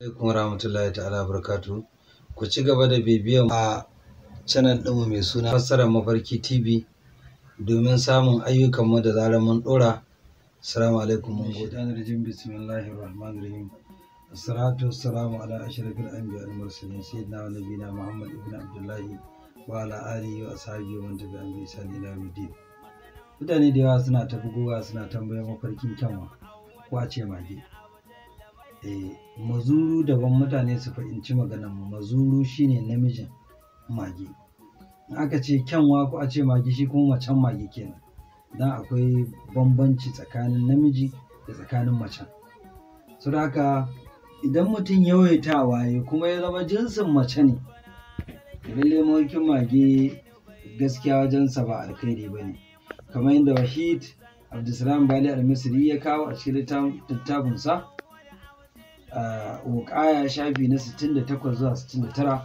alaikum rahmatullahi ta'ala barkatu ku ci gaba da bibiyan a channel ɗinmu mai suna fassarar mafarki tv domin samun ayyukan mu da zarar mun ɗora assalamu alaikum mun gode an rajin bismillahir rahmanir rahim assalatu wassalamu ala ashrafil anbiya wal mursalin sayyidina wa nabiyina muhammad ibn abdullahi wa ala alihi wa ashabihi wa man tabi'ahum bi ihsan ila yawmiddin mutane da yawa suna ta bugowa suna tambayar mafarkin kyanwa ko a ce mage Eh, mazuru daban mutane su fahimci maganar mu mazuru shine namijin mage in aka ce kyanwa ko a ce mage shi kuma macen mage kenan dan akwai bambanci tsakanin namiji da tsakanin macen su haka idan mutum yawaitawa ya kuma ya zama jinsin mace ne lalle mawakin mage gaskiya wajensa ba alkhairi ba ne kamar yadda wahid abdulsalam bali al-misri ya kawo a cikin littafinsa wuƙaya shafi na 68 zuwa 69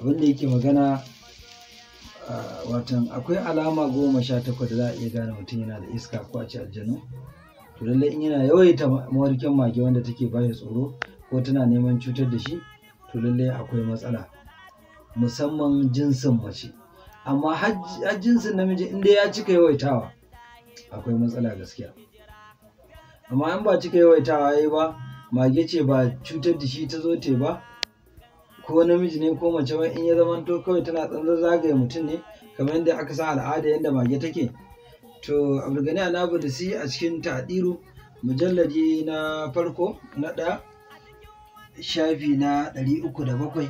abinda yake magana watan akwai alama goma sha takwas da za a iya gane mutum yana da iska ko a ci aljanu to lallai in yana yawaita mawarkin mage wanda take bashi tsoro ko tana neman cutar da shi to lallai akwai matsala musamman jinsin mace amma har jinsin namiji inda ya cika yawaitawa akwai matsala gaskiya amma in ba cika yawaitawa yayi ba mage ce ba cutar da shi ta zo te ba ko namiji ne ko mace ba in ya zamanto kawai tana tsantsar zagaye mutum ne kamar yadda aka san al'ada yadda mage take to a nabu da si a cikin ta'diru mujallaji na farko na ɗaya shafi na ɗari uku da bakwai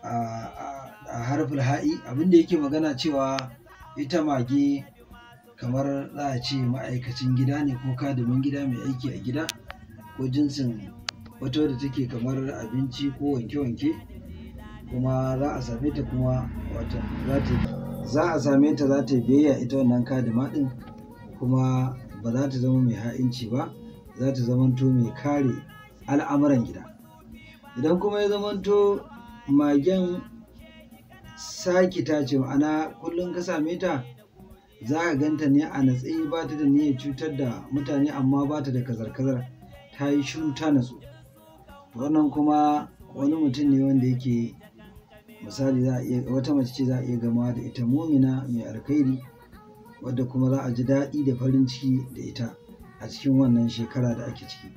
a harfin ha'i abinda yake magana cewa ita mage kamar za a ce ma'aikacin gida ne ko kadimin gida mai aiki a gida ko jinsin wata da take kamar abinci ko wanke-wanke kuma za a same ta kuma wata za ta Za a same ta za ta biyayya ita wannan kadima din kuma ba za ta zama mai ha'inci ba za ta zamanto mai kare al'amuran gida idan kuma ya zamanto magen saki ta ce ma'ana kullum ka same ta za ka ganta ne a natsi ba ta da niyyar cutar da mutane amma ba ta da kazar-kazar ta yi shiru ta natsu wannan kuma wani mutum ne wanda yake misali wata mace ce za a iya gama da ita mumina mai alkhairi wadda kuma za a ji daɗi da farin ciki da ita a cikin wannan shekara da ake ciki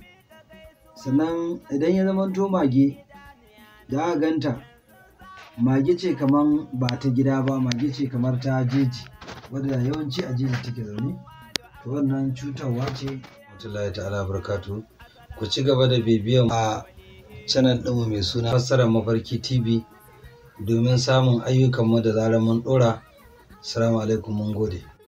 sannan idan ya zama to mage da a ganta mage ce kamar ba ta gida ba mage ce kamar ta jeji wadda yawanci a jeji take zaune to wannan cutarwa ce mutum ta'ala barakatuhu ku ci gaba da bibiyan a canan ɗinmu mai suna fassarar mafarki tv domin samun ayyukanmu da zarar mun ɗora salamu alaikum mun gode